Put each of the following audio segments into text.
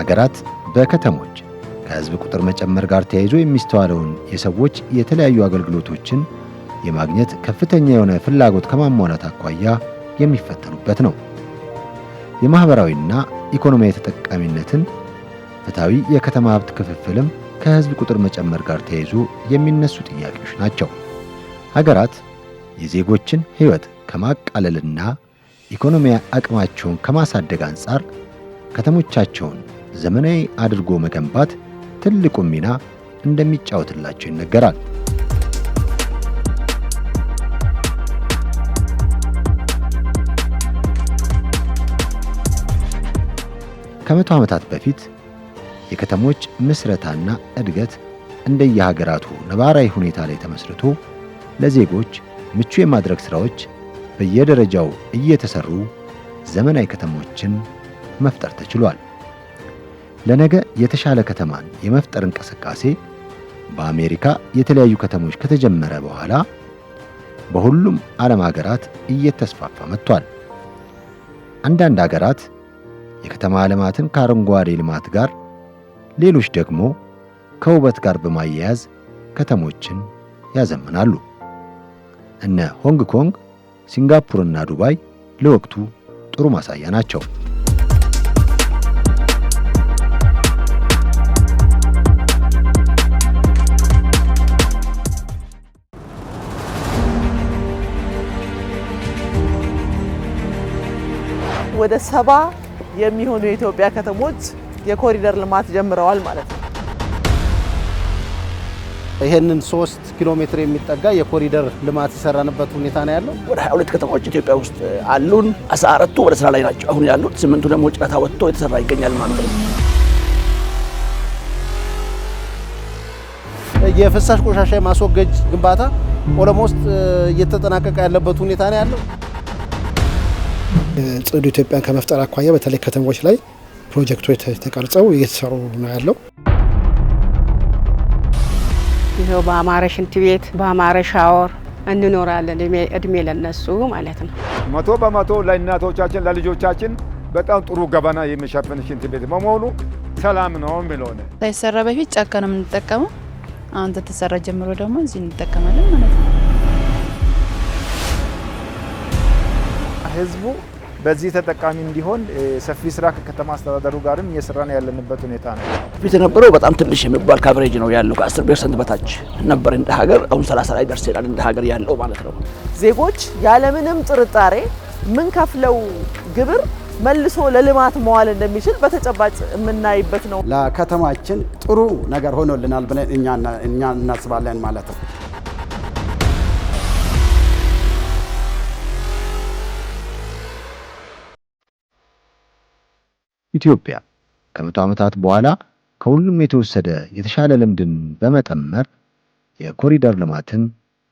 ሀገራት በከተሞች ከህዝብ ቁጥር መጨመር ጋር ተያይዞ የሚስተዋለውን የሰዎች የተለያዩ አገልግሎቶችን የማግኘት ከፍተኛ የሆነ ፍላጎት ከማሟላት አኳያ የሚፈተኑበት ነው። የማኅበራዊና ኢኮኖሚያዊ ተጠቃሚነትን፣ ፍትሐዊ የከተማ ሀብት ክፍፍልም ከህዝብ ቁጥር መጨመር ጋር ተያይዞ የሚነሱ ጥያቄዎች ናቸው። ሀገራት የዜጎችን ሕይወት ከማቃለልና ኢኮኖሚያ አቅማቸውን ከማሳደግ አንጻር ከተሞቻቸውን ዘመናዊ አድርጎ መገንባት ትልቁን ሚና እንደሚጫወትላቸው ይነገራል። ከመቶ ዓመታት በፊት የከተሞች ምስረታና እድገት እንደየሀገራቱ ነባራዊ ሁኔታ ላይ ተመስርቶ ለዜጎች ምቹ የማድረግ ሥራዎች በየደረጃው እየተሰሩ ዘመናዊ ከተሞችን መፍጠር ተችሏል። ለነገ የተሻለ ከተማን የመፍጠር እንቅስቃሴ በአሜሪካ የተለያዩ ከተሞች ከተጀመረ በኋላ በሁሉም ዓለም ሀገራት እየተስፋፋ መጥቷል። አንዳንድ ሀገራት የከተማ ልማትን ከአረንጓዴ ልማት ጋር፣ ሌሎች ደግሞ ከውበት ጋር በማያያዝ ከተሞችን ያዘምናሉ። እነ ሆንግ ኮንግ፣ ሲንጋፖርና ዱባይ ለወቅቱ ጥሩ ማሳያ ናቸው። ወደ ሰባ የሚሆኑ የኢትዮጵያ ከተሞች የኮሪደር ልማት ጀምረዋል ማለት ነው። ይሄንን ሶስት ኪሎ ሜትር የሚጠጋ የኮሪደር ልማት የሰራንበት ሁኔታ ነው ያለው። ወደ 22 ከተማዎች ኢትዮጵያ ውስጥ አሉን። 14ቱ ወደ ስራ ላይ ናቸው አሁን ያሉት፣ ስምንቱ ደግሞ ጨረታ ወጥቶ የተሰራ ይገኛል ማለት ነው። የፍሳሽ ቆሻሻ የማስወገድ ግንባታ ኦሎሞስት እየተጠናቀቀ ያለበት ሁኔታ ነው ያለው። ጽዱ ኢትዮጵያን ከመፍጠር አኳያ በተለይ ከተሞች ላይ ፕሮጀክቶች ተቀርጸው እየተሰሩ ነው ያለው። ይኸው በአማረ ሽንት ቤት በአማረ ሻወር እንኖራለን። እድሜ ለነሱ ማለት ነው። መቶ በመቶ ለእናቶቻችን ለልጆቻችን በጣም ጥሩ ገበና የሚሸፍን ሽንት ቤት በመሆኑ ሰላም ነው የሚለሆነ ሳይሰራ በፊት ጫካ ነው የምንጠቀመው። አሁን ተተሰራ ጀምሮ ደግሞ እዚህ እንጠቀማለን ማለት ነው። ህዝቡ በዚህ ተጠቃሚ እንዲሆን ሰፊ ስራ ከከተማ አስተዳደሩ ጋርም እየሰራን ያለንበት ሁኔታ ነው። ፊት የነበረው በጣም ትንሽ የሚባል ካቨሬጅ ነው ያለው ከአስር 10 ፐርሰንት በታች ነበር እንደ ሀገር። አሁን 30 ላይ ደርሰናል እንደ ሀገር ያለው ማለት ነው። ዜጎች ያለምንም ጥርጣሬ ምን ከፍለው ግብር መልሶ ለልማት መዋል እንደሚችል በተጨባጭ የምናይበት ነው። ለከተማችን ጥሩ ነገር ሆኖልናል ብለን እኛ እናስባለን ማለት ነው። ኢትዮጵያ ከመቶ ዓመታት በኋላ ከሁሉም የተወሰደ የተሻለ ልምድን በመጠመር የኮሪደር ልማትን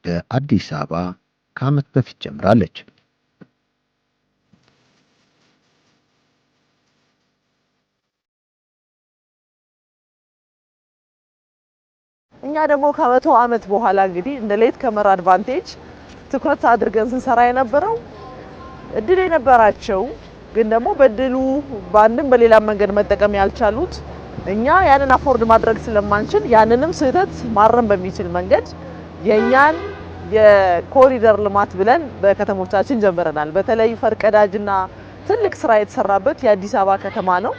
በአዲስ አበባ ከዓመት በፊት ጀምራለች። እኛ ደግሞ ከመቶ ዓመት በኋላ እንግዲህ እንደ ሌት ከመር አድቫንቴጅ ትኩረት አድርገን ስንሰራ የነበረው እድል የነበራቸው ግን ደግሞ በድሉ በአንድም በሌላ መንገድ መጠቀም ያልቻሉት እኛ ያንን አፎርድ ማድረግ ስለማንችል ያንንም ስህተት ማረም በሚችል መንገድ የእኛን የኮሪደር ልማት ብለን በከተሞቻችን ጀምረናል። በተለይ ፈርቀዳጅና ትልቅ ስራ የተሰራበት የአዲስ አበባ ከተማ ነው።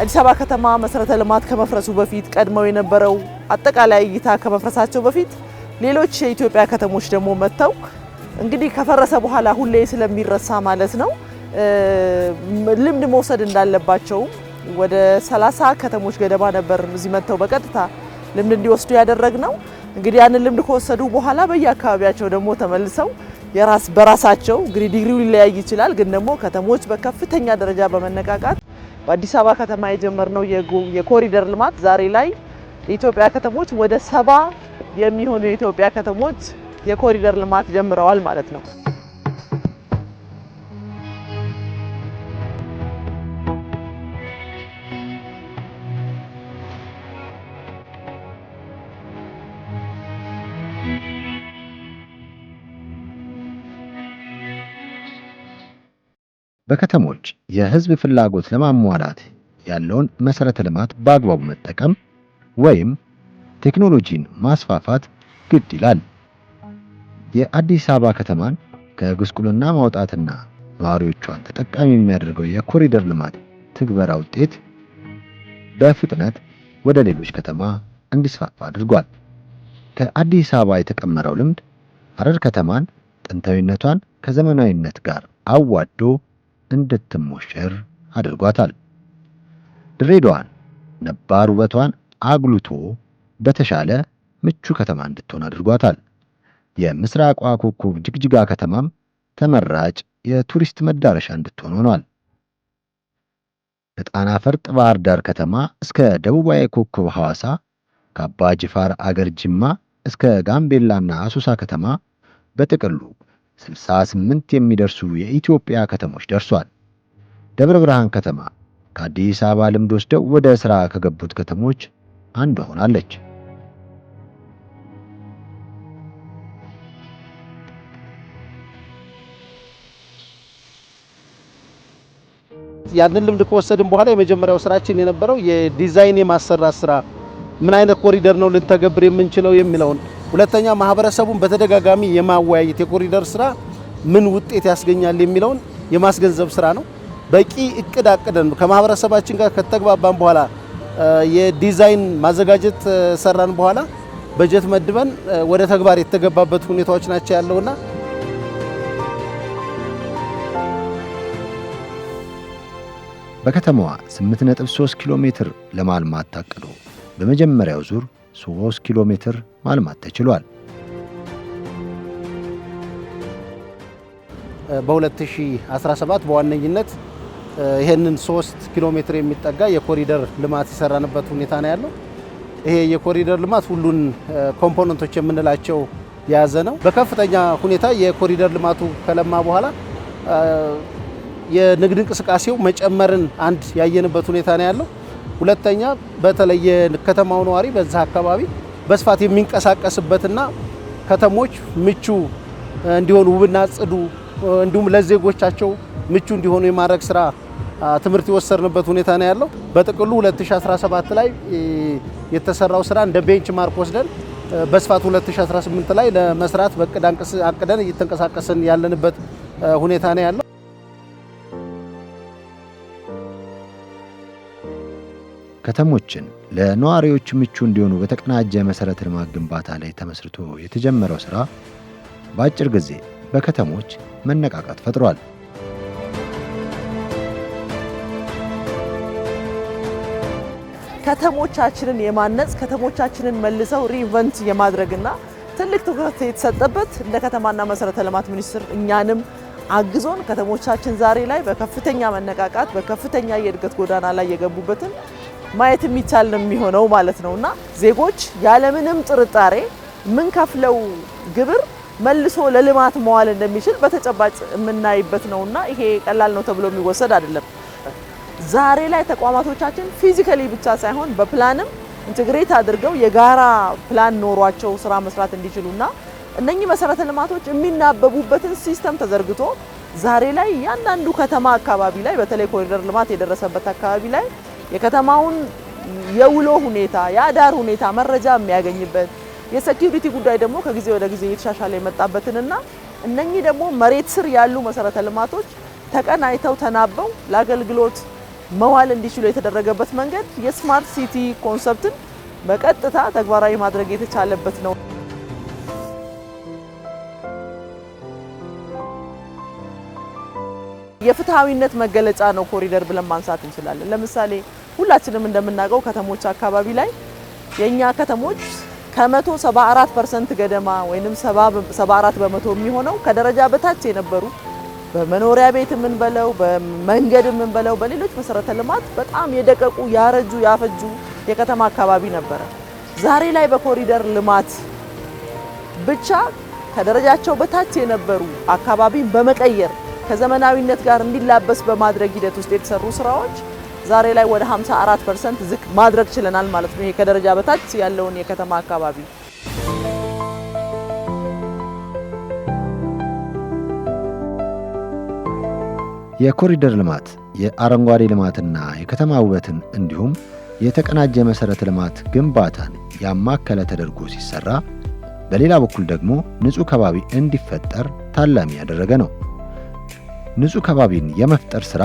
አዲስ አበባ ከተማ መሰረተ ልማት ከመፍረሱ በፊት ቀድመው የነበረው አጠቃላይ እይታ ከመፍረሳቸው በፊት ሌሎች የኢትዮጵያ ከተሞች ደግሞ መጥተው እንግዲህ ከፈረሰ በኋላ ሁሌ ስለሚረሳ ማለት ነው ልምድ መውሰድ እንዳለባቸው ወደ 30 ከተሞች ገደማ ነበር እዚህ መጥተው በቀጥታ ልምድ እንዲወስዱ ያደረግ ነው። እንግዲህ ያንን ልምድ ከወሰዱ በኋላ በየአካባቢያቸው ደግሞ ተመልሰው የራስ በራሳቸው እንግዲህ ዲግሪው ሊለያይ ይችላል፣ ግን ደግሞ ከተሞች በከፍተኛ ደረጃ በመነቃቃት በአዲስ አበባ ከተማ የጀመርነው የኮሪደር ልማት ዛሬ ላይ የኢትዮጵያ ከተሞች ወደ ሰባ የሚሆኑ የኢትዮጵያ ከተሞች የኮሪደር ልማት ጀምረዋል ማለት ነው። በከተሞች የህዝብ ፍላጎት ለማሟላት ያለውን መሰረተ ልማት በአግባቡ መጠቀም ወይም ቴክኖሎጂን ማስፋፋት ግድ ይላል። የአዲስ አበባ ከተማን ከጉስቁልና ማውጣትና ነዋሪዎቿን ተጠቃሚ የሚያደርገው የኮሪደር ልማት ትግበራ ውጤት በፍጥነት ወደ ሌሎች ከተማ እንዲስፋፋ አድርጓል። ከአዲስ አበባ የተቀመረው ልምድ ሐረር ከተማን ጥንታዊነቷን ከዘመናዊነት ጋር አዋዶ እንድትሞሸር አድርጓታል። ድሬዳዋን ነባር ውበቷን አጉልቶ በተሻለ ምቹ ከተማ እንድትሆን አድርጓታል። የምስራቋ ኮከብ ጅግጅጋ ከተማም ተመራጭ የቱሪስት መዳረሻ እንድትሆን ሆኗል። ከጣና ፈርጥ ባህር ዳር ከተማ እስከ ደቡባዊ ኮከብ ሐዋሳ፣ ከአባ ጅፋር አገር ጅማ እስከ ጋምቤላና አሶሳ ከተማ በጥቅሉ 68 የሚደርሱ የኢትዮጵያ ከተሞች ደርሷል። ደብረ ብርሃን ከተማ ከአዲስ አበባ ልምድ ወስደው ወደ ሥራ ከገቡት ከተሞች አንዷ ሆናለች። ያንን ልምድ ከወሰድን በኋላ የመጀመሪያው ስራችን የነበረው የዲዛይን የማሰራት ስራ ምን አይነት ኮሪደር ነው ልንተገብር የምንችለው የሚለውን ሁለተኛ ማህበረሰቡን በተደጋጋሚ የማወያየት የኮሪደር ስራ ምን ውጤት ያስገኛል የሚለውን የማስገንዘብ ስራ ነው። በቂ እቅድ አቅደን ከማህበረሰባችን ጋር ከተግባባን በኋላ የዲዛይን ማዘጋጀት ሰራን በኋላ በጀት መድበን ወደ ተግባር የተገባበት ሁኔታዎች ናቸው ያለውና በከተማዋ 8.3 ኪሎ ሜትር ለማልማት ታቅዶ በመጀመሪያው ዙር 3 ኪሎ ሜትር ማልማት ተችሏል። በ2017 በዋነኝነት ይህንን 3 ኪሎ ሜትር የሚጠጋ የኮሪደር ልማት የሰራንበት ሁኔታ ነው ያለው። ይሄ የኮሪደር ልማት ሁሉን ኮምፖነንቶች የምንላቸው የያዘ ነው። በከፍተኛ ሁኔታ የኮሪደር ልማቱ ከለማ በኋላ የንግድ እንቅስቃሴው መጨመርን አንድ ያየንበት ሁኔታ ነው ያለው። ሁለተኛ በተለየ ከተማው ነዋሪ በዛ አካባቢ በስፋት የሚንቀሳቀስበትና ከተሞች ምቹ እንዲሆኑ ውብና ጽዱ እንዲሁም ለዜጎቻቸው ምቹ እንዲሆኑ የማድረግ ስራ ትምህርት የወሰድንበት ሁኔታ ነው ያለው። በጥቅሉ 2017 ላይ የተሰራው ስራ እንደ ቤንች ማርክ ወስደን በስፋት 2018 ላይ ለመስራት በቅድ አቅደን እየተንቀሳቀስን ያለንበት ሁኔታ ነው ያለው። ከተሞችን ለነዋሪዎች ምቹ እንዲሆኑ በተቀናጀ መሠረተ ልማት ግንባታ ላይ ተመስርቶ የተጀመረው ሥራ በአጭር ጊዜ በከተሞች መነቃቃት ፈጥሯል። ከተሞቻችንን የማነጽ ከተሞቻችንን መልሰው ሪኢንቨንት የማድረግና ትልቅ ትኩረት የተሰጠበት እንደ ከተማና መሰረተ ልማት ሚኒስቴር እኛንም አግዞን ከተሞቻችን ዛሬ ላይ በከፍተኛ መነቃቃት በከፍተኛ የእድገት ጎዳና ላይ የገቡበትን ማየት የሚቻል ነው የሚሆነው ማለት ነው እና ዜጎች ያለምንም ጥርጣሬ የምንከፍለው ግብር መልሶ ለልማት መዋል እንደሚችል በተጨባጭ የምናይበት ነው እና ይሄ ቀላል ነው ተብሎ የሚወሰድ አይደለም። ዛሬ ላይ ተቋማቶቻችን ፊዚካሊ ብቻ ሳይሆን በፕላንም ኢንትግሬት አድርገው የጋራ ፕላን ኖሯቸው ስራ መስራት እንዲችሉና እነኚህ መሰረተ ልማቶች የሚናበቡበትን ሲስተም ተዘርግቶ ዛሬ ላይ እያንዳንዱ ከተማ አካባቢ ላይ በተለይ ኮሪደር ልማት የደረሰበት አካባቢ ላይ የከተማውን የውሎ ሁኔታ፣ የአዳር ሁኔታ መረጃ የሚያገኝበት የሴኪሪቲ ጉዳይ ደግሞ ከጊዜ ወደ ጊዜ እየተሻሻለ የመጣበትንና እነኚህ ደግሞ መሬት ስር ያሉ መሰረተ ልማቶች ተቀናይተው ተናበው ለአገልግሎት መዋል እንዲችሉ የተደረገበት መንገድ የስማርት ሲቲ ኮንሰፕትን በቀጥታ ተግባራዊ ማድረግ የተቻለበት ነው። የፍትሐዊነት መገለጫ ነው ኮሪደር ብለን ማንሳት እንችላለን። ለምሳሌ ሁላችንም እንደምናውቀው ከተሞች አካባቢ ላይ የኛ ከተሞች ከመቶ 74 ፐርሰንት ገደማ ወይንም 74 በመቶ የሚሆነው ከደረጃ በታች የነበሩ በመኖሪያ ቤት የምንበለው በመንገድ የምንበለው በሌሎች መሰረተ ልማት በጣም የደቀቁ ያረጁ ያፈጁ የከተማ አካባቢ ነበረ። ዛሬ ላይ በኮሪደር ልማት ብቻ ከደረጃቸው በታች የነበሩ አካባቢን በመቀየር ከዘመናዊነት ጋር እንዲላበስ በማድረግ ሂደት ውስጥ የተሰሩ ስራዎች ዛሬ ላይ ወደ 54 ፐርሰንት ዝቅ ማድረግ ችለናል ማለት ነው። ይሄ ከደረጃ በታች ያለውን የከተማ አካባቢ የኮሪደር ልማት የአረንጓዴ ልማትና የከተማ ውበትን እንዲሁም የተቀናጀ መሠረተ ልማት ግንባታን ያማከለ ተደርጎ ሲሰራ፣ በሌላ በኩል ደግሞ ንጹሕ ከባቢ እንዲፈጠር ታላሚ ያደረገ ነው። ንጹሕ ከባቢን የመፍጠር ሥራ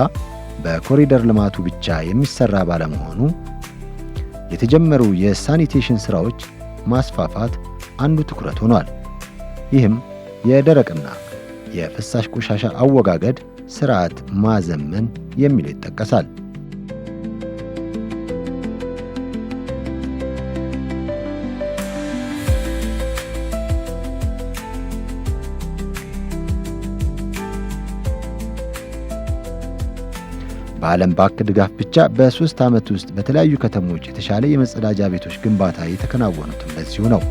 በኮሪደር ልማቱ ብቻ የሚሰራ ባለመሆኑ የተጀመሩ የሳኒቴሽን ስራዎች ማስፋፋት አንዱ ትኩረት ሆኗል። ይህም የደረቅና የፍሳሽ ቆሻሻ አወጋገድ ስርዓት ማዘመን የሚል ይጠቀሳል። በዓለም ባንክ ድጋፍ ብቻ በሦስት ዓመት ውስጥ በተለያዩ ከተሞች የተሻለ የመጸዳጃ ቤቶች ግንባታ የተከናወኑትም ለዚሁ ነው።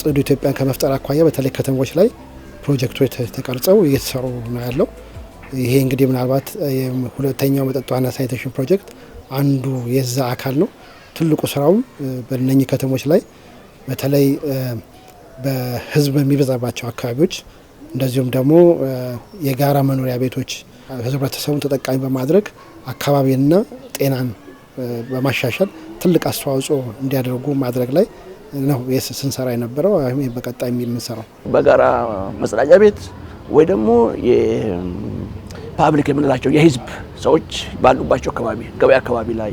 ጽዱ ኢትዮጵያን ከመፍጠር አኳያ በተለይ ከተሞች ላይ ፕሮጀክቶች ተቀርጸው እየተሰሩ ነው ያለው። ይሄ እንግዲህ ምናልባት ሁለተኛው መጠጥ ውሃና ሳኒቴሽን ፕሮጀክት አንዱ የዛ አካል ነው። ትልቁ ስራውም በነኚህ ከተሞች ላይ በተለይ በህዝብ በሚበዛባቸው አካባቢዎች እንደዚሁም ደግሞ የጋራ መኖሪያ ቤቶች ህብረተሰቡን ተጠቃሚ በማድረግ አካባቢንና ጤናን በማሻሻል ትልቅ አስተዋጽኦ እንዲያደርጉ ማድረግ ላይ ነው ስንሰራ የነበረው። በቀጣይ የምንሰራው በጋራ መጸዳጃ ቤት ወይ ደግሞ ፓብሊክ የምንላቸው የህዝብ ሰዎች ባሉባቸው አካባቢ፣ ገበያ አካባቢ ላይ፣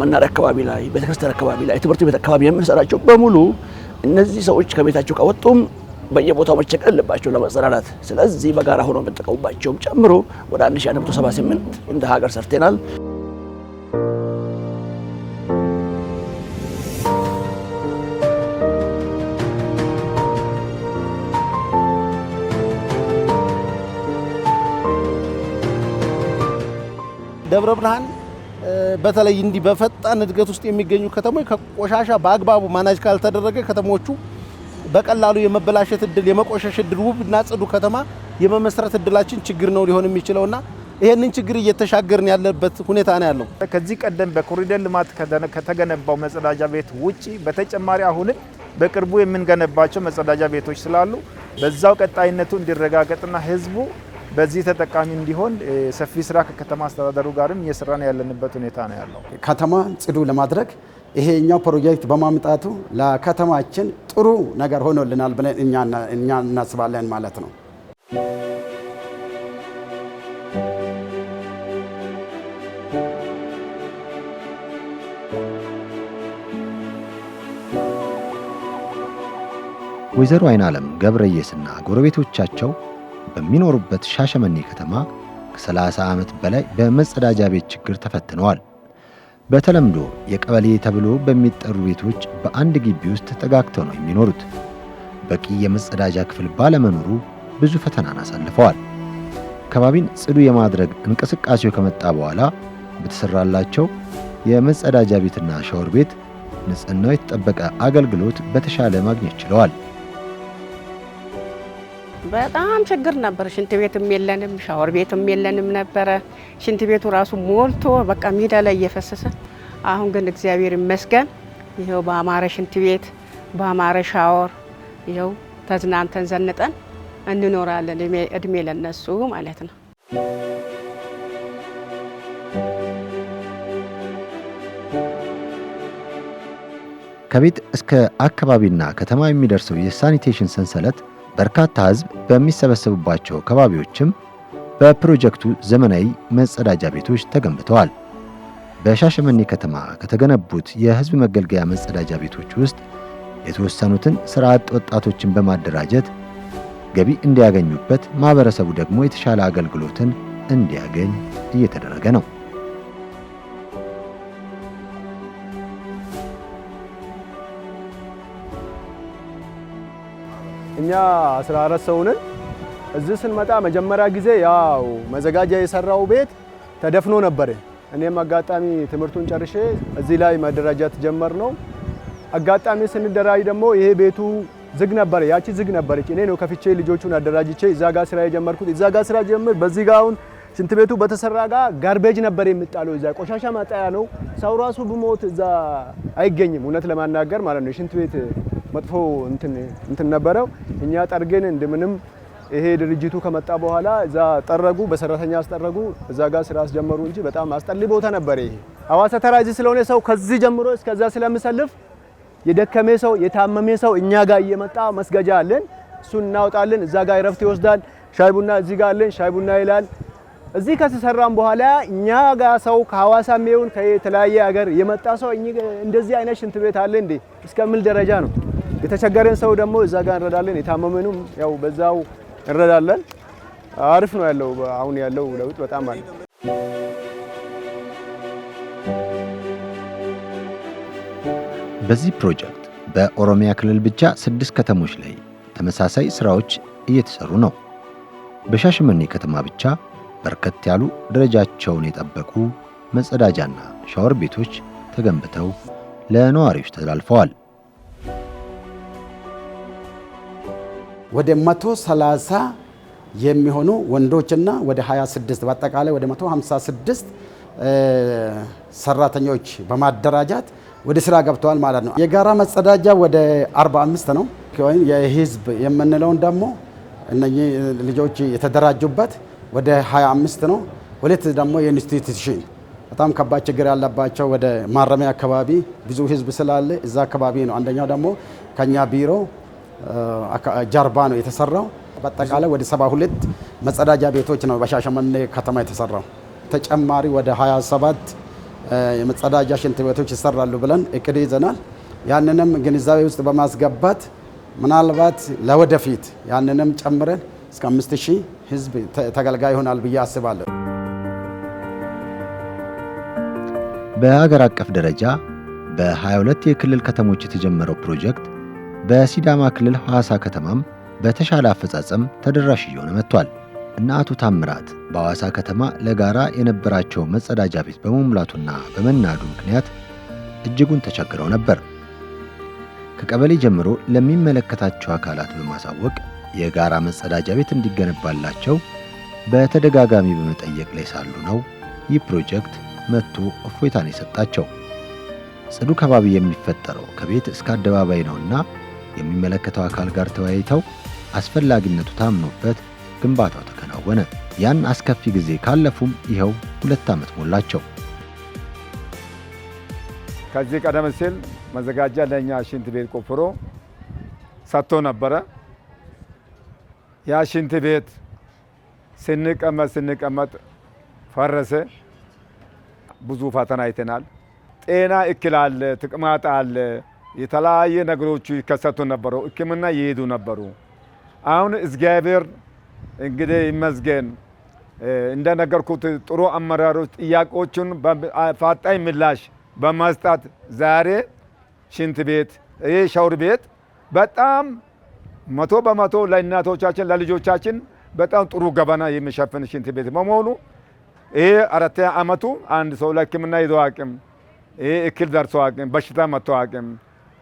መናሪያ አካባቢ ላይ፣ ቤተክርስቲያን አካባቢ ላይ፣ ትምህርት ቤት አካባቢ የምንሰራቸው በሙሉ እነዚህ ሰዎች ከቤታቸው ከወጡም በየቦታው መቸገር ልባቸው ለመጸዳዳት። ስለዚህ በጋራ ሆኖ የምንጠቀሙባቸውም ጨምሮ ወደ 1178 እንደ ሀገር ሰርተናል። ደብረ ብርሃን በተለይ እንዲህ በፈጣን እድገት ውስጥ የሚገኙ ከተሞች ከቆሻሻ በአግባቡ ማናጅ ካልተደረገ ከተሞቹ በቀላሉ የመበላሸት እድል፣ የመቆሸሽ እድል፣ ውብ እና ጽዱ ከተማ የመመስረት እድላችን ችግር ነው ሊሆን የሚችለውና ይህንን ችግር እየተሻገርን ያለበት ሁኔታ ነው ያለው። ከዚህ ቀደም በኮሪደር ልማት ከተገነባው መጸዳጃ ቤት ውጪ በተጨማሪ አሁንም በቅርቡ የምንገነባቸው መጸዳጃ ቤቶች ስላሉ በዛው ቀጣይነቱ እንዲረጋገጥና ህዝቡ በዚህ ተጠቃሚ እንዲሆን ሰፊ ስራ ከከተማ አስተዳደሩ ጋርም እየሰራን ያለንበት ሁኔታ ነው ያለው። ከተማ ጽዱ ለማድረግ ይሄኛው ፕሮጀክት በማምጣቱ ለከተማችን ጥሩ ነገር ሆኖልናል ብለን እኛ እናስባለን ማለት ነው። ወይዘሮ አይናለም ገብረየስና ጎረቤቶቻቸው በሚኖሩበት ሻሸመኔ ከተማ ከ30 ዓመት በላይ በመጸዳጃ ቤት ችግር ተፈትነዋል። በተለምዶ የቀበሌ ተብሎ በሚጠሩ ቤቶች በአንድ ግቢ ውስጥ ተጠጋግተው ነው የሚኖሩት። በቂ የመጸዳጃ ክፍል ባለመኖሩ ብዙ ፈተናን አሳልፈዋል። ከባቢን ጽዱ የማድረግ እንቅስቃሴው ከመጣ በኋላ በተሰራላቸው የመጸዳጃ ቤትና ሻወር ቤት ንጽህናው የተጠበቀ አገልግሎት በተሻለ ማግኘት ችለዋል። በጣም ችግር ነበር። ሽንት ቤትም የለንም፣ ሻወር ቤትም የለንም ነበረ። ሽንት ቤቱ ራሱ ሞልቶ በቃ ሜዳ ላይ እየፈሰሰ። አሁን ግን እግዚአብሔር ይመስገን ይኸው በአማረ ሽንት ቤት በአማረ ሻወር ይኸው ተዝናንተን ዘንጠን እንኖራለን። እድሜ ለነሱ ማለት ነው። ከቤት እስከ አካባቢና ከተማ የሚደርሰው የሳኒቴሽን ሰንሰለት በርካታ ሕዝብ በሚሰበሰብባቸው ከባቢዎችም በፕሮጀክቱ ዘመናዊ መጸዳጃ ቤቶች ተገንብተዋል። በሻሸመኔ ከተማ ከተገነቡት የሕዝብ መገልገያ መጸዳጃ ቤቶች ውስጥ የተወሰኑትን ሥራ አጥ ወጣቶችን በማደራጀት ገቢ እንዲያገኙበት ማኅበረሰቡ ደግሞ የተሻለ አገልግሎትን እንዲያገኝ እየተደረገ ነው። እኛ 14 ሰውንን እዚህ ስንመጣ መጀመሪያ ጊዜ ያው መዘጋጃ የሰራው ቤት ተደፍኖ ነበር። እኔም አጋጣሚ ትምህርቱን ጨርሼ እዚህ ላይ መደራጃት ጀመር ነው። አጋጣሚ ስንደራጅ ደግሞ ይሄ ቤቱ ዝግ ነበር፣ ያቺ ዝግ ነበረች። እኔ ነው ከፍቼ ልጆቹን አደራጅቼ እዛ ጋር ስራ የጀመርኩት። እዛ ጋር ስራ ጀምር በዚህ ጋር አሁን ሽንት ቤቱ በተሰራ ጋር ጋርቤጅ ነበር የሚጣለው። እዛ ቆሻሻ ማጣያ ነው። ሰው ራሱ ብሞት እዛ አይገኝም፣ እውነት ለማናገር ማለት ነው ሽንት ቤት መጥፎ እንትን ነበረው። እኛ ጠርገን እንደምንም ይሄ ድርጅቱ ከመጣ በኋላ እዛ ጠረጉ፣ በሰራተኛ አስጠረጉ፣ እዛ ጋር ስራ አስጀመሩ እንጂ በጣም አስጠሊ ቦታ ነበር። ይሄ አዋሳ ተራዚ ስለሆነ ሰው ከዚህ ጀምሮ እስከዛ ስለምሰልፍ የደከመ ሰው የታመመ ሰው እኛ ጋር እየመጣ መስገጃ አለን፣ እሱን እናወጣለን። እዛ ጋር እረፍት ይወስዳል። ሻይ ቡና እዚህ ጋር አለን፣ ሻይ ቡና ይላል። እዚህ ከተሰራም በኋላ እኛ ጋር ሰው ከሀዋሳ ሜውን ከተለያየ ሀገር የመጣ ሰው እንደዚህ አይነት ሽንት ቤት አለ እንዴ እስከሚል ደረጃ ነው። የተቸገረን ሰው ደግሞ እዛ ጋር እንረዳለን። የታመመንም ያው በዛው እንረዳለን። አሪፍ ነው ያለው አሁን ያለው ለውጥ በጣም አለ። በዚህ ፕሮጀክት በኦሮሚያ ክልል ብቻ ስድስት ከተሞች ላይ ተመሳሳይ ስራዎች እየተሰሩ ነው። በሻሸመኔ ከተማ ብቻ በርከት ያሉ ደረጃቸውን የጠበቁ መጸዳጃና ሻወር ቤቶች ተገንብተው ለነዋሪዎች ተላልፈዋል። ወደ 130 የሚሆኑ ወንዶችና ወደ 26 በአጠቃላይ ወደ 156 ሰራተኞች በማደራጃት ወደ ስራ ገብተዋል ማለት ነው። የጋራ መጸዳጃ ወደ 45 ነው። ወይም የህዝብ የምንለውን ደግሞ እነኚህ ልጆች የተደራጁበት ወደ 25 ነው። ሁለት ደግሞ የኢንስቲትዩሽን በጣም ከባድ ችግር ያለባቸው ወደ ማረሚያ አካባቢ ብዙ ህዝብ ስላለ እዛ አካባቢ ነው። አንደኛው ደግሞ ከኛ ቢሮ ጀርባ ነው የተሰራው። በአጠቃላይ ወደ 72 መጸዳጃ ቤቶች ነው በሻሸመኔ ከተማ የተሰራው። ተጨማሪ ወደ 27 የመጸዳጃ ሽንት ቤቶች ይሰራሉ ብለን እቅድ ይዘናል። ያንንም ግንዛቤ ውስጥ በማስገባት ምናልባት ለወደፊት ያንንም ጨምረን እስከ 5000 ህዝብ ተገልጋይ ይሆናል ብዬ አስባለሁ። በሀገር አቀፍ ደረጃ በ22 የክልል ከተሞች የተጀመረው ፕሮጀክት በሲዳማ ክልል ሐዋሳ ከተማም በተሻለ አፈጻጸም ተደራሽ እየሆነ መጥቷል። እነ አቶ ታምራት በሐዋሳ ከተማ ለጋራ የነበራቸው መጸዳጃ ቤት በመሙላቱና በመናዱ ምክንያት እጅጉን ተቸግረው ነበር። ከቀበሌ ጀምሮ ለሚመለከታቸው አካላት በማሳወቅ የጋራ መጸዳጃ ቤት እንዲገነባላቸው በተደጋጋሚ በመጠየቅ ላይ ሳሉ ነው ይህ ፕሮጀክት መጥቶ እፎይታን የሰጣቸው። ጽዱ ከባቢ የሚፈጠረው ከቤት እስከ አደባባይ ነውና የሚመለከተው አካል ጋር ተወያይተው አስፈላጊነቱ ታምኖበት ግንባታው ተከናወነ። ያን አስከፊ ጊዜ ካለፉም ይኸው ሁለት ዓመት ሞላቸው። ከዚህ ቀደም ሲል መዘጋጃ ለእኛ ሽንት ቤት ቆፍሮ ሰጥቶ ነበረ። ያ ሽንት ቤት ስንቀመጥ ስንቀመጥ ፈረሰ። ብዙ ፈተና አይተናል። ጤና እክል አለ፣ ተቅማጥ አለ፣ የተለያየ ነገሮች ይከሰቱ ነበሩ። ሕክምና ይሄዱ ነበሩ። አሁን እግዚአብሔር እንግዲህ ይመስገን እንደነገርኩት ጥሩ አመራሮች ጥያቄዎቹን በፋጣኝ ምላሽ በመስጠት ዛሬ ሽንት ቤት ይህ ሻውር ቤት በጣም መቶ በመቶ ለእናቶቻችን ለልጆቻችን በጣም ጥሩ ገበና የሚሸፍን ሽንት ቤት በመሆኑ ይሄ አራተኛ ዓመቱ አንድ ሰው ለህክምና ሄዶ አቅም ይሄ እክል ደርሶ አቅም በሽታ መጥቶ አቅም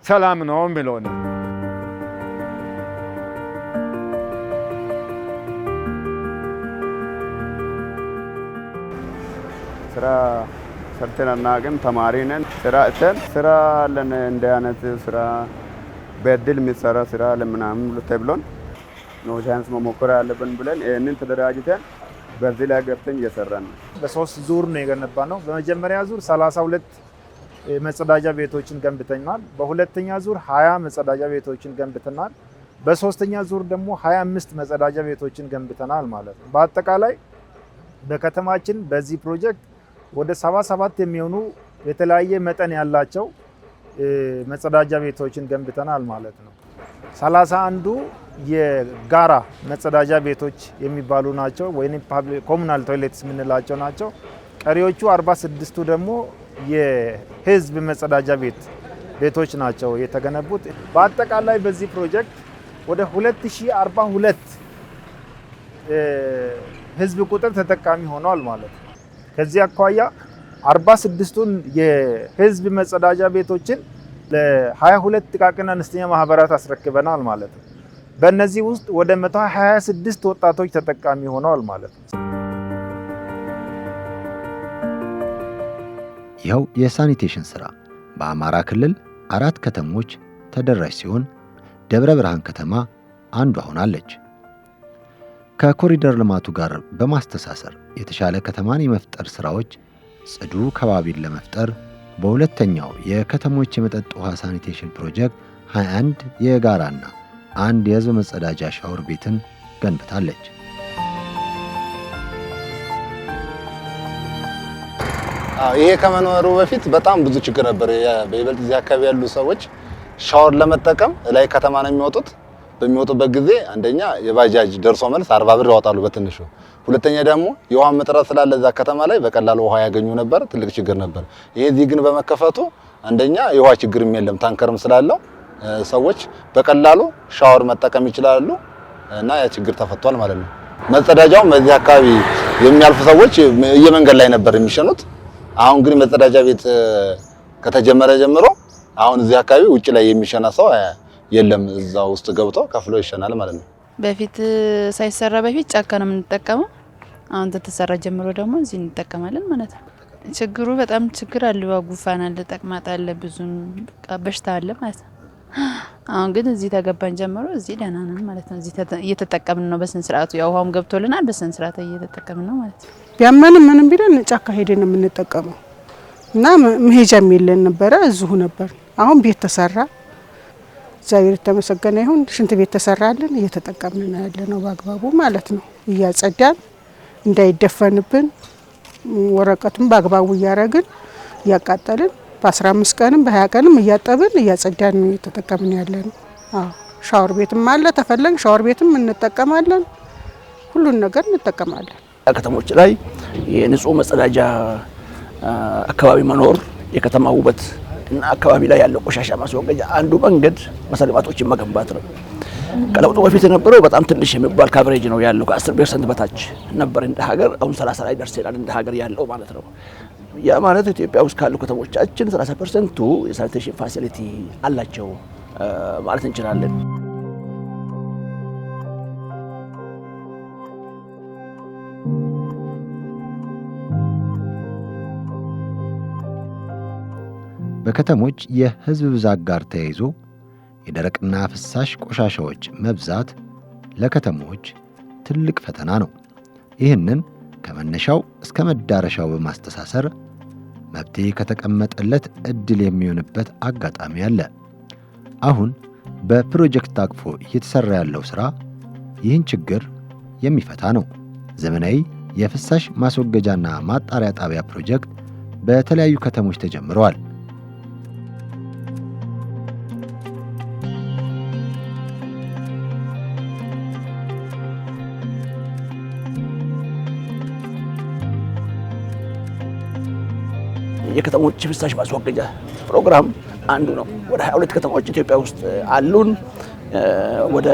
ሰላምነውም ብሎናል። ስራ ሰርተን አናውቅም። ተማሪ ነን። ስራ እተን ስራ አለን እንደ አይነት ስራ በድል የሚሰራ ስራ ለምናምን ተብሎን ነው ቻንስ መሞከር አለብን ብለን ይህንን ተደራጅተን በዚህ ላይ ገብተን እየሰራን ነው። በሶስት ዙር ነው የገነባ ነው። በመጀመሪያ ዙር ሰላሳ ሁለት መጸዳጃ ቤቶችን ገንብተናል። በሁለተኛ ዙር 20 መጸዳጃ ቤቶችን ገንብተናል። በሶስተኛ ዙር ደግሞ 25 መጸዳጃ ቤቶችን ገንብተናል ማለት ነው። በአጠቃላይ በከተማችን በዚህ ፕሮጀክት ወደ 77 የሚሆኑ የተለያየ መጠን ያላቸው መጸዳጃ ቤቶችን ገንብተናል ማለት ነው። 31ዱ የጋራ መጸዳጃ ቤቶች የሚባሉ ናቸው ወይም ኮሙናል ቶይሌትስ የምንላቸው ናቸው። ቀሪዎቹ 46ቱ ደግሞ የህዝብ መጸዳጃ ቤት ቤቶች ናቸው የተገነቡት። በአጠቃላይ በዚህ ፕሮጀክት ወደ 2042 ህዝብ ቁጥር ተጠቃሚ ሆኗል ማለት ነው። ከዚህ አኳያ 46ቱን የህዝብ መጸዳጃ ቤቶችን ለ22 ጥቃቅን አነስተኛ ማህበራት አስረክበናል ማለት ነው። በእነዚህ ውስጥ ወደ 126 ወጣቶች ተጠቃሚ ሆነዋል ማለት ነው። ይኸው የሳኒቴሽን ሥራ በአማራ ክልል አራት ከተሞች ተደራሽ ሲሆን ደብረ ብርሃን ከተማ አንዷ ሆናለች። ከኮሪደር ልማቱ ጋር በማስተሳሰር የተሻለ ከተማን የመፍጠር ሥራዎች ጽዱ ከባቢን ለመፍጠር በሁለተኛው የከተሞች የመጠጥ ውሃ ሳኒቴሽን ፕሮጀክት 21 የጋራና አንድ የሕዝብ መጸዳጃ ሻወር ቤትን ገንብታለች። ይሄ ከመኖሩ በፊት በጣም ብዙ ችግር ነበር። በይበልጥ እዚህ አካባቢ ያሉ ሰዎች ሻወር ለመጠቀም ላይ ከተማ ነው የሚወጡት። በሚወጡበት ጊዜ አንደኛ የባጃጅ ደርሶ መልስ አርባ ብር ያወጣሉ በትንሹ። ሁለተኛ ደግሞ የውሃ እጥረት ስላለ እዛ ከተማ ላይ በቀላሉ ውሃ ያገኙ ነበር፣ ትልቅ ችግር ነበር። ይሄ እዚህ ግን በመከፈቱ አንደኛ የውሃ ችግርም የለም፣ ታንከርም ስላለው ሰዎች በቀላሉ ሻወር መጠቀም ይችላሉ እና ያ ችግር ተፈቷል ማለት ነው። መጸዳጃውም በዚህ አካባቢ የሚያልፉ ሰዎች እየመንገድ ላይ ነበር የሚሸኑት አሁን ግን መጸዳጃ ቤት ከተጀመረ ጀምሮ አሁን እዚህ አካባቢ ውጭ ላይ የሚሸና ሰው የለም። እዛ ውስጥ ገብቶ ከፍሎ ይሸናል ማለት ነው። በፊት ሳይሰራ በፊት ጫካ ነው የምንጠቀመው። አሁን ተተሰራ ጀምሮ ደግሞ እዚህ እንጠቀማለን ማለት ነው። ችግሩ በጣም ችግር አለ። ጉንፋን አለ፣ ተቅማጥ አለ፣ ብዙም በሽታ አለ ማለት ነው። አሁን ግን እዚህ ተገባን ጀምሮ እዚህ ደህና ነን ማለት ነው። እዚህ እየተጠቀምን ነው በስነ ስርዓቱ። ያው ውሃውም ገብቶልናል በስነ ስርዓቱ እየተጠቀምን ነው ማለት ነው። ቢያመንም ምንም ቢለን ጫካ ሄደን ነው የምንጠቀመው እና መሄጃም የለን ነበረ፣ እዚሁ ነበር። አሁን ቤት ተሰራ፣ እግዚአብሔር የተመሰገነ ይሁን። ሽንት ቤት ተሰራልን፣ እየተጠቀምን ያለ ነው በአግባቡ ማለት ነው። እያጸዳን እንዳይደፈንብን ወረቀቱም በአግባቡ እያረግን እያቃጠልን በ15 ቀንም በ20 ቀንም እያጠብን እያጸዳን ነው እየተጠቀምን ያለን። አዎ ሻወር ቤትም አለ ተፈለግ ሻወር ቤትም እንጠቀማለን። ሁሉን ነገር እንጠቀማለን። ከተሞች ላይ የንጹህ መጸዳጃ አካባቢ መኖር የከተማ ውበት እና አካባቢ ላይ ያለው ቆሻሻ ማስወገጃ አንዱ መንገድ መሰረተ ልማቶችን መገንባት ነው። ከለውጡ በፊት የነበረው በጣም ትንሽ የሚባል ካቨሬጅ ነው ያለው፣ ከ10 ፐርሰንት በታች ነበር እንደ ሀገር። አሁን 30 ላይ ደርሰናል እንደ ሀገር ያለው ማለት ነው። ያ ማለት ኢትዮጵያ ውስጥ ካሉ ከተሞቻችን 30 ፐርሰንቱ የሳኒቴሽን ፋሲሊቲ አላቸው ማለት እንችላለን። በከተሞች የህዝብ ብዛት ጋር ተያይዞ የደረቅና ፍሳሽ ቆሻሻዎች መብዛት ለከተሞች ትልቅ ፈተና ነው። ይህንን ከመነሻው እስከ መዳረሻው በማስተሳሰር መብቴ ከተቀመጠለት እድል የሚሆንበት አጋጣሚ አለ። አሁን በፕሮጀክት ታቅፎ እየተሰራ ያለው ሥራ ይህን ችግር የሚፈታ ነው። ዘመናዊ የፍሳሽ ማስወገጃና ማጣሪያ ጣቢያ ፕሮጀክት በተለያዩ ከተሞች ተጀምረዋል። የከተሞች ፍሳሽ ማስወገጃ ፕሮግራም አንዱ ነው። ወደ 22 ከተሞች ኢትዮጵያ ውስጥ አሉን። ወደ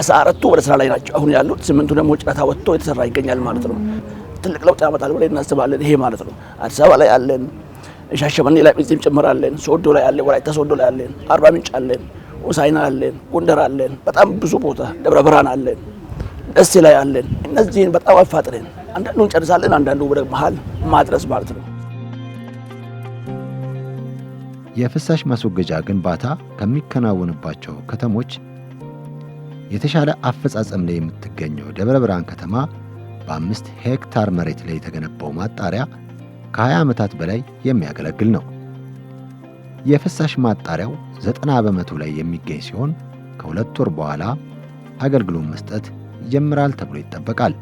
አስራ አራቱ ወደ ስራ ላይ ናቸው አሁን ያሉት። ስምንቱ ደግሞ ጨረታ ወጥቶ የተሰራ ይገኛል ማለት ነው። ትልቅ ለውጥ ያመጣል ብለን እናስባለን። ይሄ ማለት ነው አዲስ አበባ ላይ አለን፣ ሻሸመኔ ላይ ጭምር አለን፣ ሶዶ ላይ አለን፣ ወላይታ ሶዶ ላይ አለን፣ አርባ ምንጭ አለን፣ ሆሳዕና አለን፣ ጎንደር አለን፣ በጣም ብዙ ቦታ ደብረ ብርሃን አለን፣ ደሴ ላይ አለን። እነዚህን በጣም አፋጥነን አንዳንዱ እንጨርሳለን፣ አንዳንዱ ወደ መሀል ማድረስ ማለት ነው። የፍሳሽ ማስወገጃ ግንባታ ከሚከናወንባቸው ከተሞች የተሻለ አፈጻጸም ላይ የምትገኘው ደብረ ብርሃን ከተማ በአምስት ሄክታር መሬት ላይ የተገነባው ማጣሪያ ከ20 ዓመታት በላይ የሚያገለግል ነው። የፍሳሽ ማጣሪያው 90 በመቶ ላይ የሚገኝ ሲሆን ከሁለት ወር በኋላ አገልግሎት መስጠት ይጀምራል ተብሎ ይጠበቃል።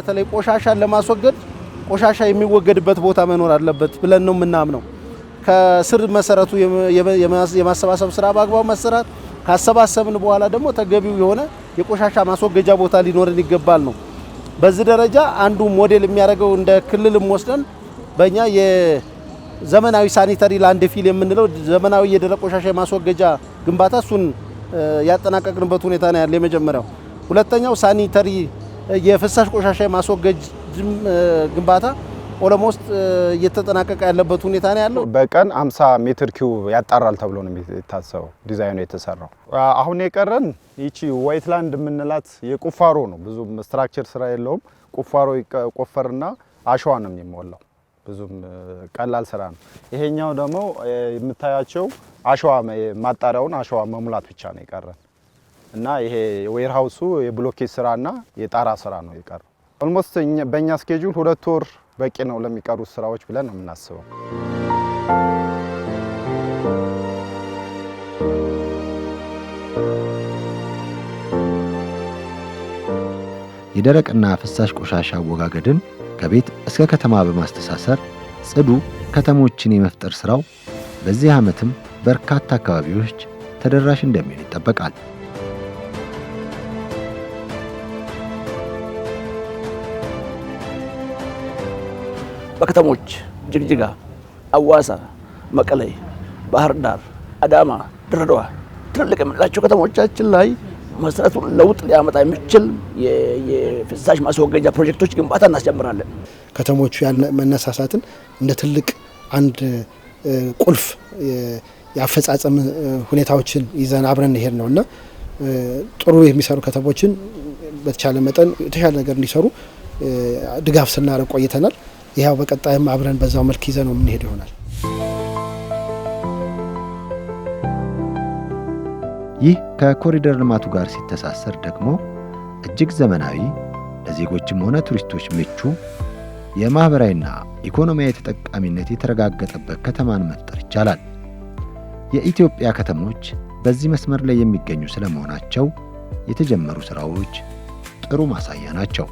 በተለይ ቆሻሻን ለማስወገድ ቆሻሻ የሚወገድበት ቦታ መኖር አለበት ብለን ነው የምናምነው። ከስር መሰረቱ የማሰባሰብ ስራ በአግባቡ መሰራት፣ ካሰባሰብን በኋላ ደግሞ ተገቢው የሆነ የቆሻሻ ማስወገጃ ቦታ ሊኖረን ይገባል ነው። በዚህ ደረጃ አንዱ ሞዴል የሚያደርገው እንደ ክልልም ወስደን በእኛ የዘመናዊ ሳኒተሪ ላንድ ፊል የምንለው ዘመናዊ የደረቅ ቆሻሻ የማስወገጃ ግንባታ እሱን ያጠናቀቅንበት ሁኔታ ነው ያለ የመጀመሪያው። ሁለተኛው ሳኒተሪ የፍሳሽ ቆሻሻ የማስወገድ ግንባታ ኦሎሞስት እየተጠናቀቀ ያለበት ሁኔታ ነው ያለው። በቀን 50 ሜትር ኪዩ ያጣራል ተብሎ ነው የታሰበው ዲዛይኑ የተሰራው። አሁን የቀረን ይቺ ዋይትላንድ የምንላት የቁፋሮ ነው። ብዙም ስትራክቸር ስራ የለውም። ቁፋሮ ይቆፈርና አሸዋ ነው የሚሞላው። ብዙም ቀላል ስራ ነው። ይሄኛው ደግሞ የምታያቸው አሸዋ ማጣሪያውን አሸዋ መሙላት ብቻ ነው የቀረን። እና ይሄ ዌርሃውሱ የብሎኬት ስራና የጣራ ስራ ነው የቀረው። ኦልሞስት በእኛ ስኬጁል ሁለት ወር በቂ ነው ለሚቀሩት ስራዎች ብለን ነው የምናስበው። የደረቅና ፍሳሽ ቆሻሻ አወጋገድን ከቤት እስከ ከተማ በማስተሳሰር ጽዱ ከተሞችን የመፍጠር ስራው በዚህ ዓመትም በርካታ አካባቢዎች ተደራሽ እንደሚሆን ይጠበቃል። በከተሞች ጅግጅጋ፣ አዋሳ፣ መቀሌ፣ ባህር ዳር፣ አዳማ፣ ድሬዳዋ ትልልቅ የምንላቸው ከተሞቻችን ላይ መሰረቱን ለውጥ ሊያመጣ የሚችል የፍሳሽ ማስወገጃ ፕሮጀክቶች ግንባታ እናስጀምራለን። ከተሞቹ መነሳሳትን እንደ ትልቅ አንድ ቁልፍ የአፈጻጸም ሁኔታዎችን ይዘን አብረን ሄድ ነው እና ጥሩ የሚሰሩ ከተሞችን በተቻለ መጠን የተሻለ ነገር እንዲሰሩ ድጋፍ ስናደርግ ቆይተናል። ይኸው በቀጣይም አብረን በዛው መልክ ይዘ ነው የምንሄድ ይሆናል። ይህ ከኮሪደር ልማቱ ጋር ሲተሳሰር ደግሞ እጅግ ዘመናዊ ለዜጎችም ሆነ ቱሪስቶች ምቹ የማኅበራዊና ኢኮኖሚያዊ ተጠቃሚነት የተረጋገጠበት ከተማን መፍጠር ይቻላል። የኢትዮጵያ ከተሞች በዚህ መስመር ላይ የሚገኙ ስለመሆናቸው የተጀመሩ ሥራዎች ጥሩ ማሳያ ናቸው።